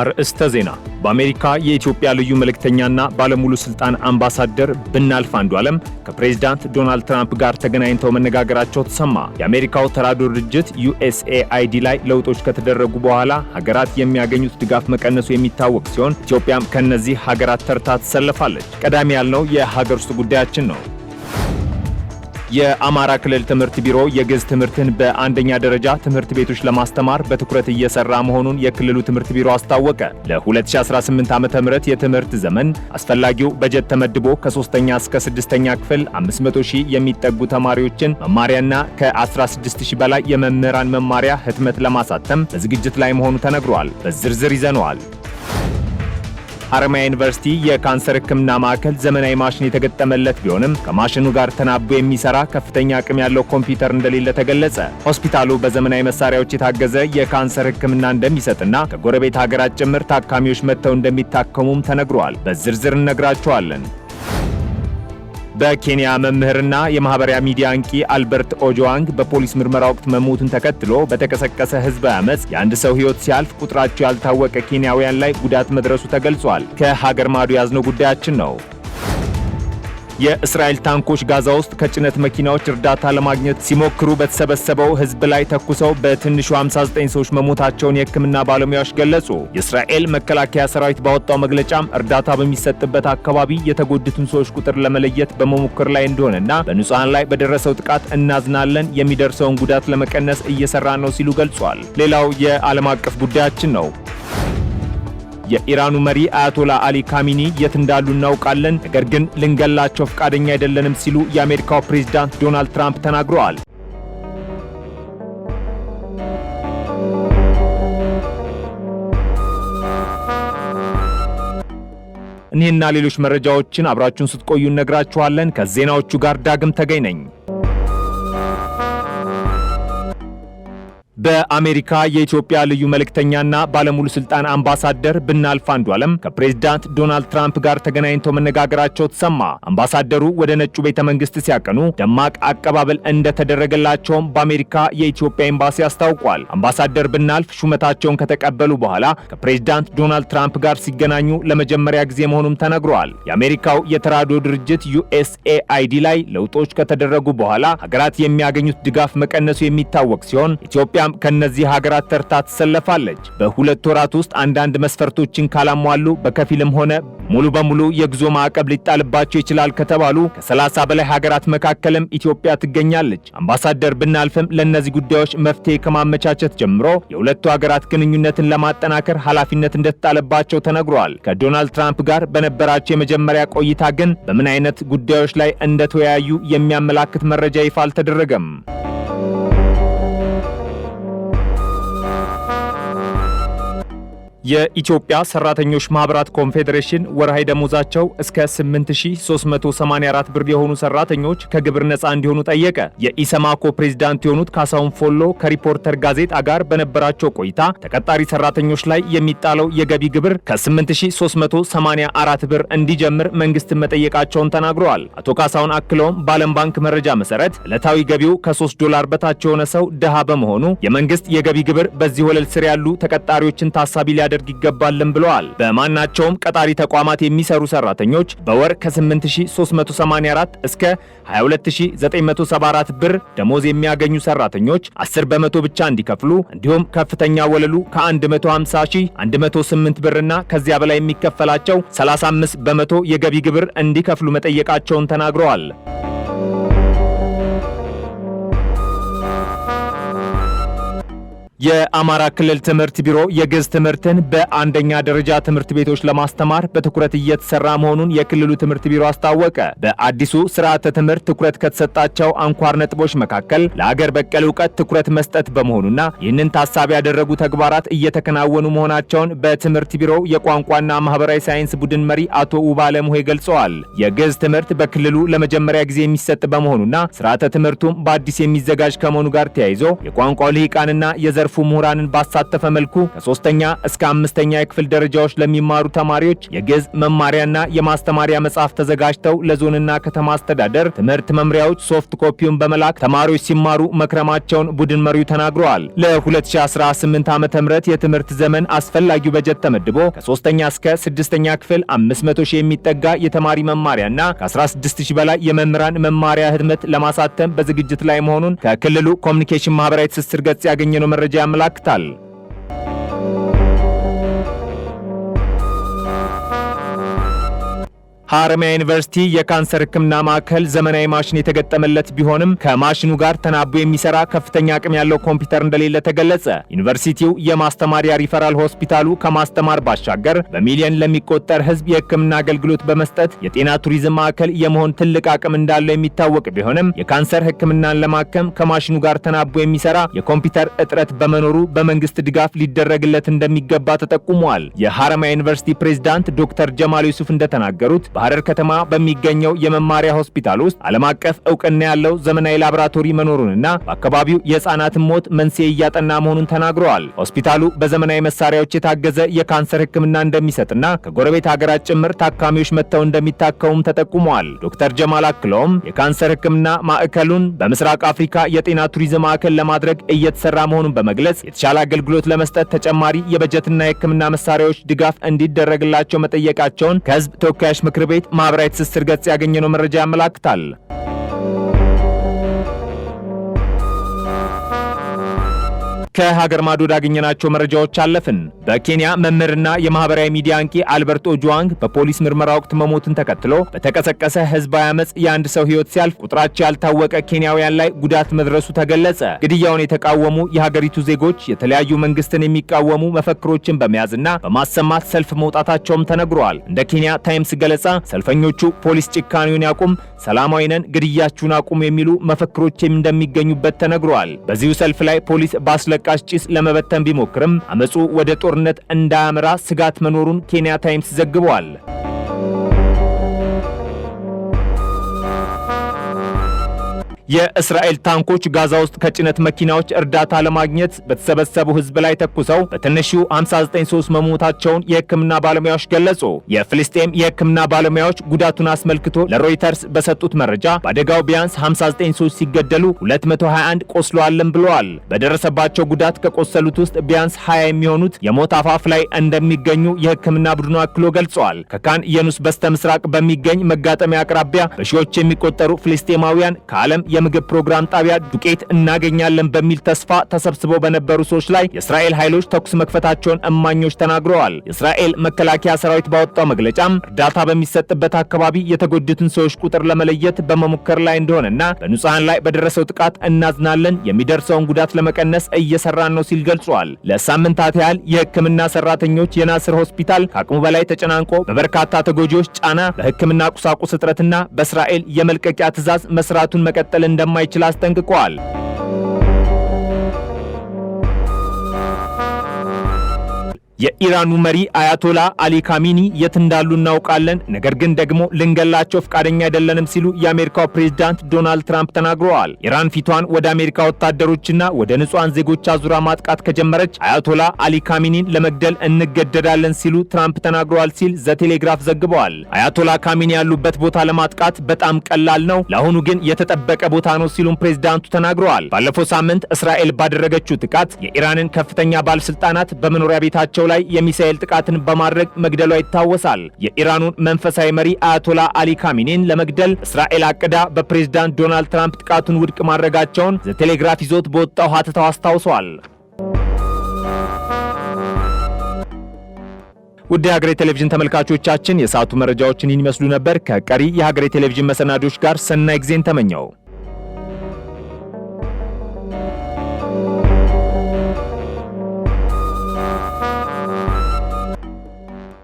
አርእስተ ዜና። በአሜሪካ የኢትዮጵያ ልዩ መልእክተኛና ባለሙሉ ስልጣን አምባሳደር ብናልፍ አንዱ ዓለም ከፕሬዝዳንት ዶናልድ ትራምፕ ጋር ተገናኝተው መነጋገራቸው ተሰማ። የአሜሪካው ተራድኦ ድርጅት ዩኤስኤአይዲ ላይ ለውጦች ከተደረጉ በኋላ ሀገራት የሚያገኙት ድጋፍ መቀነሱ የሚታወቅ ሲሆን ኢትዮጵያም ከእነዚህ ሀገራት ተርታ ትሰለፋለች። ቀዳሚ ያልነው የሀገር ውስጥ ጉዳያችን ነው። የአማራ ክልል ትምህርት ቢሮ የግዕዝ ትምህርትን በአንደኛ ደረጃ ትምህርት ቤቶች ለማስተማር በትኩረት እየሰራ መሆኑን የክልሉ ትምህርት ቢሮ አስታወቀ። ለ2018 ዓ ም የትምህርት ዘመን አስፈላጊው በጀት ተመድቦ ከሶስተኛ እስከ ስድስተኛ ክፍል 500 ሺህ የሚጠጉ ተማሪዎችን መማሪያና ከ 160 በላይ የመምህራን መማሪያ ህትመት ለማሳተም በዝግጅት ላይ መሆኑ ተነግሯል። በዝርዝር ይዘነዋል። ሐረማያ ዩኒቨርሲቲ የካንሰር ሕክምና ማዕከል ዘመናዊ ማሽን የተገጠመለት ቢሆንም ከማሽኑ ጋር ተናቦ የሚሰራ ከፍተኛ አቅም ያለው ኮምፒውተር እንደሌለ ተገለጸ። ሆስፒታሉ በዘመናዊ መሳሪያዎች የታገዘ የካንሰር ሕክምና እንደሚሰጥና ከጎረቤት ሀገራት ጭምር ታካሚዎች መጥተው እንደሚታከሙም ተነግሯል። በዝርዝር እነግራቸዋለን። በኬንያ መምህርና የማኅበሪያ ሚዲያ አንቂ አልበርት ኦጆዋንግ በፖሊስ ምርመራ ወቅት መሞቱን ተከትሎ በተቀሰቀሰ ህዝብ አመፅ የአንድ ሰው ህይወት ሲያልፍ ቁጥራቸው ያልታወቀ ኬንያውያን ላይ ጉዳት መድረሱ ተገልጿል። ከሀገር ማዶ ያዝነው ጉዳያችን ነው። የእስራኤል ታንኮች ጋዛ ውስጥ ከጭነት መኪናዎች እርዳታ ለማግኘት ሲሞክሩ በተሰበሰበው ህዝብ ላይ ተኩሰው በትንሹ 59 ሰዎች መሞታቸውን የሕክምና ባለሙያዎች ገለጹ። የእስራኤል መከላከያ ሰራዊት ባወጣው መግለጫም እርዳታ በሚሰጥበት አካባቢ የተጎዱትን ሰዎች ቁጥር ለመለየት በመሞከር ላይ እንደሆነና በንጹሐን ላይ በደረሰው ጥቃት እናዝናለን፣ የሚደርሰውን ጉዳት ለመቀነስ እየሰራ ነው ሲሉ ገልጿል። ሌላው የዓለም አቀፍ ጉዳያችን ነው። የኢራኑ መሪ አያቶላ አሊ ካሚኒ የት እንዳሉ እናውቃለን፣ ነገር ግን ልንገላቸው ፈቃደኛ አይደለንም ሲሉ የአሜሪካው ፕሬዝዳንት ዶናልድ ትራምፕ ተናግረዋል። እኒህና ሌሎች መረጃዎችን አብራችሁን ስትቆዩ እነግራችኋለን። ከዜናዎቹ ጋር ዳግም ተገኝ ነኝ። በአሜሪካ የኢትዮጵያ ልዩ መልእክተኛና ባለሙሉ ስልጣን አምባሳደር ብናልፍ አንዱዓለም ከፕሬዝዳንት ዶናልድ ትራምፕ ጋር ተገናኝተው መነጋገራቸው ተሰማ። አምባሳደሩ ወደ ነጩ ቤተ መንግስት ሲያቀኑ ደማቅ አቀባበል እንደተደረገላቸውም በአሜሪካ የኢትዮጵያ ኤምባሲ አስታውቋል። አምባሳደር ብናልፍ ሹመታቸውን ከተቀበሉ በኋላ ከፕሬዝዳንት ዶናልድ ትራምፕ ጋር ሲገናኙ ለመጀመሪያ ጊዜ መሆኑም ተነግሯል። የአሜሪካው የተራድኦ ድርጅት ዩኤስኤአይዲ ላይ ለውጦች ከተደረጉ በኋላ ሀገራት የሚያገኙት ድጋፍ መቀነሱ የሚታወቅ ሲሆን ኢትዮጵያም ሲሆን ከነዚህ ሀገራት ተርታ ትሰለፋለች። በሁለት ወራት ውስጥ አንዳንድ መስፈርቶችን ካላሟሉ በከፊልም ሆነ ሙሉ በሙሉ የጉዞ ማዕቀብ ሊጣልባቸው ይችላል ከተባሉ ከ30 በላይ ሀገራት መካከልም ኢትዮጵያ ትገኛለች። አምባሳደር ብናልፍም ለእነዚህ ጉዳዮች መፍትሄ ከማመቻቸት ጀምሮ የሁለቱ ሀገራት ግንኙነትን ለማጠናከር ኃላፊነት እንደተጣለባቸው ተነግሯል። ከዶናልድ ትራምፕ ጋር በነበራቸው የመጀመሪያ ቆይታ ግን በምን አይነት ጉዳዮች ላይ እንደተወያዩ የሚያመላክት መረጃ ይፋ አልተደረገም። የኢትዮጵያ ሰራተኞች ማህበራት ኮንፌዴሬሽን ወርሃይ ደሞዛቸው እስከ 8384 ብር የሆኑ ሰራተኞች ከግብር ነፃ እንዲሆኑ ጠየቀ። የኢሰማኮ ፕሬዝዳንት የሆኑት ካሳሁን ፎሎ ከሪፖርተር ጋዜጣ ጋር በነበራቸው ቆይታ ተቀጣሪ ሰራተኞች ላይ የሚጣለው የገቢ ግብር ከ8384 ብር እንዲጀምር መንግስትን መጠየቃቸውን ተናግረዋል። አቶ ካሳሁን አክለውም በዓለም ባንክ መረጃ መሰረት ዕለታዊ ገቢው ከ3 ዶላር በታች የሆነ ሰው ድሃ በመሆኑ የመንግስት የገቢ ግብር በዚህ ወለል ስር ያሉ ተቀጣሪዎችን ታሳቢ ሊያደ ሊያደርግ ይገባልን ብለዋል። በማናቸውም ቀጣሪ ተቋማት የሚሰሩ ሰራተኞች በወር ከ8384 እስከ 22974 ብር ደሞዝ የሚያገኙ ሰራተኞች 10 በመቶ ብቻ እንዲከፍሉ እንዲሁም ከፍተኛ ወለሉ ከ150108 ብርና ከዚያ በላይ የሚከፈላቸው 35 በመቶ የገቢ ግብር እንዲከፍሉ መጠየቃቸውን ተናግረዋል። የአማራ ክልል ትምህርት ቢሮ የግዕዝ ትምህርትን በአንደኛ ደረጃ ትምህርት ቤቶች ለማስተማር በትኩረት እየተሰራ መሆኑን የክልሉ ትምህርት ቢሮ አስታወቀ። በአዲሱ ስርዓተ ትምህርት ትኩረት ከተሰጣቸው አንኳር ነጥቦች መካከል ለአገር በቀል እውቀት ትኩረት መስጠት በመሆኑና ይህንን ታሳቢ ያደረጉ ተግባራት እየተከናወኑ መሆናቸውን በትምህርት ቢሮው የቋንቋና ማህበራዊ ሳይንስ ቡድን መሪ አቶ ውባ አለሙሄ ገልጸዋል። የግዕዝ ትምህርት በክልሉ ለመጀመሪያ ጊዜ የሚሰጥ በመሆኑና ስርዓተ ትምህርቱም በአዲስ የሚዘጋጅ ከመሆኑ ጋር ተያይዞ የቋንቋው ልሂቃንና የዘ ዘርፉ ምሁራንን ባሳተፈ መልኩ ከሶስተኛ እስከ አምስተኛ የክፍል ደረጃዎች ለሚማሩ ተማሪዎች የግዕዝ መማሪያና የማስተማሪያ መጽሐፍ ተዘጋጅተው ለዞንና ከተማ አስተዳደር ትምህርት መምሪያዎች ሶፍት ኮፒውን በመላክ ተማሪዎች ሲማሩ መክረማቸውን ቡድን መሪው ተናግረዋል። ለ2018 ዓ ም የትምህርት ዘመን አስፈላጊው በጀት ተመድቦ ከሶስተኛ እስከ ስድስተኛ ክፍል 500 ሺህ የሚጠጋ የተማሪ መማሪያና ከ ሺህ በላይ የመምህራን መማሪያ ህትመት ለማሳተም በዝግጅት ላይ መሆኑን ከክልሉ ኮሚኒኬሽን ማህበራዊ ትስስር ገጽ ያገኘነው መረጃ መረጃ ያመላክታል። ሐረማያ ዩኒቨርሲቲ የካንሰር ህክምና ማዕከል ዘመናዊ ማሽን የተገጠመለት ቢሆንም ከማሽኑ ጋር ተናቦ የሚሰራ ከፍተኛ አቅም ያለው ኮምፒውተር እንደሌለ ተገለጸ። ዩኒቨርሲቲው የማስተማሪያ ሪፈራል ሆስፒታሉ ከማስተማር ባሻገር በሚሊዮን ለሚቆጠር ህዝብ የህክምና አገልግሎት በመስጠት የጤና ቱሪዝም ማዕከል የመሆን ትልቅ አቅም እንዳለው የሚታወቅ ቢሆንም የካንሰር ህክምናን ለማከም ከማሽኑ ጋር ተናቦ የሚሰራ የኮምፒውተር እጥረት በመኖሩ በመንግስት ድጋፍ ሊደረግለት እንደሚገባ ተጠቁሟል። የሐረማያ ዩኒቨርሲቲ ፕሬዝዳንት ዶክተር ጀማል ዩሱፍ እንደተናገሩት በሐረር ከተማ በሚገኘው የመማሪያ ሆስፒታል ውስጥ ዓለም አቀፍ እውቅና ያለው ዘመናዊ ላብራቶሪ መኖሩንና በአካባቢው የሕፃናትን ሞት መንስኤ እያጠና መሆኑን ተናግረዋል። ሆስፒታሉ በዘመናዊ መሳሪያዎች የታገዘ የካንሰር ሕክምና እንደሚሰጥና ከጎረቤት ሀገራት ጭምር ታካሚዎች መጥተው እንደሚታከሙም ተጠቁመዋል። ዶክተር ጀማል አክለውም የካንሰር ሕክምና ማዕከሉን በምስራቅ አፍሪካ የጤና ቱሪዝም ማዕከል ለማድረግ እየተሰራ መሆኑን በመግለጽ የተሻለ አገልግሎት ለመስጠት ተጨማሪ የበጀትና የሕክምና መሳሪያዎች ድጋፍ እንዲደረግላቸው መጠየቃቸውን ከህዝብ ተወካዮች ምክር ቤት ቤት ማኅበራዊ ትስስር ገጽ ያገኘነው መረጃ ያመላክታል። ከሀገር ማዶ ዳገኘናቸው መረጃዎች አለፍን። በኬንያ መምህርና የማህበራዊ ሚዲያ አንቂ አልበርቶ ጁዋንግ በፖሊስ ምርመራ ወቅት መሞትን ተከትሎ በተቀሰቀሰ ህዝባዊ አመፅ የአንድ ሰው ህይወት ሲያልፍ ቁጥራቸው ያልታወቀ ኬንያውያን ላይ ጉዳት መድረሱ ተገለጸ። ግድያውን የተቃወሙ የሀገሪቱ ዜጎች የተለያዩ መንግስትን የሚቃወሙ መፈክሮችን በመያዝና በማሰማት ሰልፍ መውጣታቸውም ተነግሯል። እንደ ኬንያ ታይምስ ገለጻ ሰልፈኞቹ ፖሊስ ጭካኔውን ያቁም፣ ሰላማዊ ነን፣ ግድያችሁን አቁም የሚሉ መፈክሮች እንደሚገኙበት ተነግሯል። በዚሁ ሰልፍ ላይ ፖሊስ ባስለ አስለቃሽ ጭስ ለመበተን ቢሞክርም አመፁ ወደ ጦርነት እንዳያመራ ስጋት መኖሩን ኬንያ ታይምስ ዘግበዋል። የእስራኤል ታንኮች ጋዛ ውስጥ ከጭነት መኪናዎች እርዳታ ለማግኘት በተሰበሰቡ ህዝብ ላይ ተኩሰው በትንሹ 59 ሰዎች መሞታቸውን የህክምና ባለሙያዎች ገለጹ። የፍልስጤም የህክምና ባለሙያዎች ጉዳቱን አስመልክቶ ለሮይተርስ በሰጡት መረጃ በአደጋው ቢያንስ 59 ሰዎች ሲገደሉ 221 ቆስለዋልም ብለዋል። በደረሰባቸው ጉዳት ከቆሰሉት ውስጥ ቢያንስ 20 የሚሆኑት የሞት አፋፍ ላይ እንደሚገኙ የህክምና ቡድኑ አክሎ ገልጿል። ከካን የኑስ በስተ ምስራቅ በሚገኝ መጋጠሚያ አቅራቢያ በሺዎች የሚቆጠሩ ፍልስጤማውያን ከዓለም የምግብ ፕሮግራም ጣቢያ ዱቄት እናገኛለን በሚል ተስፋ ተሰብስበው በነበሩ ሰዎች ላይ የእስራኤል ኃይሎች ተኩስ መክፈታቸውን እማኞች ተናግረዋል። የእስራኤል መከላከያ ሰራዊት ባወጣው መግለጫም እርዳታ በሚሰጥበት አካባቢ የተጎዱትን ሰዎች ቁጥር ለመለየት በመሞከር ላይ እንደሆነና በንጹሐን ላይ በደረሰው ጥቃት እናዝናለን፣ የሚደርሰውን ጉዳት ለመቀነስ እየሰራን ነው ሲል ገልጿል። ለሳምንታት ያህል የህክምና ሰራተኞች የናስር ሆስፒታል ከአቅሙ በላይ ተጨናንቆ በበርካታ ተጎጂዎች ጫና፣ በህክምና ቁሳቁስ እጥረትና በእስራኤል የመልቀቂያ ትዕዛዝ መስራቱን መቀጠል መቀበል እንደማይችል አስጠንቅቋል። የኢራኑ መሪ አያቶላ አሊ ካሚኒ የት እንዳሉ እናውቃለን፣ ነገር ግን ደግሞ ልንገላቸው ፈቃደኛ አይደለንም ሲሉ የአሜሪካው ፕሬዝዳንት ዶናልድ ትራምፕ ተናግረዋል። ኢራን ፊቷን ወደ አሜሪካ ወታደሮችና ወደ ንጹሐን ዜጎች አዙራ ማጥቃት ከጀመረች አያቶላ አሊ ካሚኒን ለመግደል እንገደዳለን ሲሉ ትራምፕ ተናግረዋል ሲል ዘቴሌግራፍ ዘግበዋል። አያቶላ ካሚኒ ያሉበት ቦታ ለማጥቃት በጣም ቀላል ነው፣ ለአሁኑ ግን የተጠበቀ ቦታ ነው ሲሉም ፕሬዝዳንቱ ተናግረዋል። ባለፈው ሳምንት እስራኤል ባደረገችው ጥቃት የኢራንን ከፍተኛ ባለስልጣናት በመኖሪያ ቤታቸው ላይ ላይ የሚሳኤል ጥቃትን በማድረግ መግደሏ ይታወሳል። የኢራኑን መንፈሳዊ መሪ አያቶላ አሊ ካሚኔን ለመግደል እስራኤል አቅዳ በፕሬዝዳንት ዶናልድ ትራምፕ ጥቃቱን ውድቅ ማድረጋቸውን ዘቴሌግራፍ ይዞት በወጣው ሀተታው አስታውሷል። ውድ የሀገሬ ቴሌቪዥን ተመልካቾቻችን የሰዓቱ መረጃዎችን ይመስሉ ነበር። ከቀሪ የሀገሬ ቴሌቪዥን መሰናዶች ጋር ሰናይ ጊዜን ተመኘው።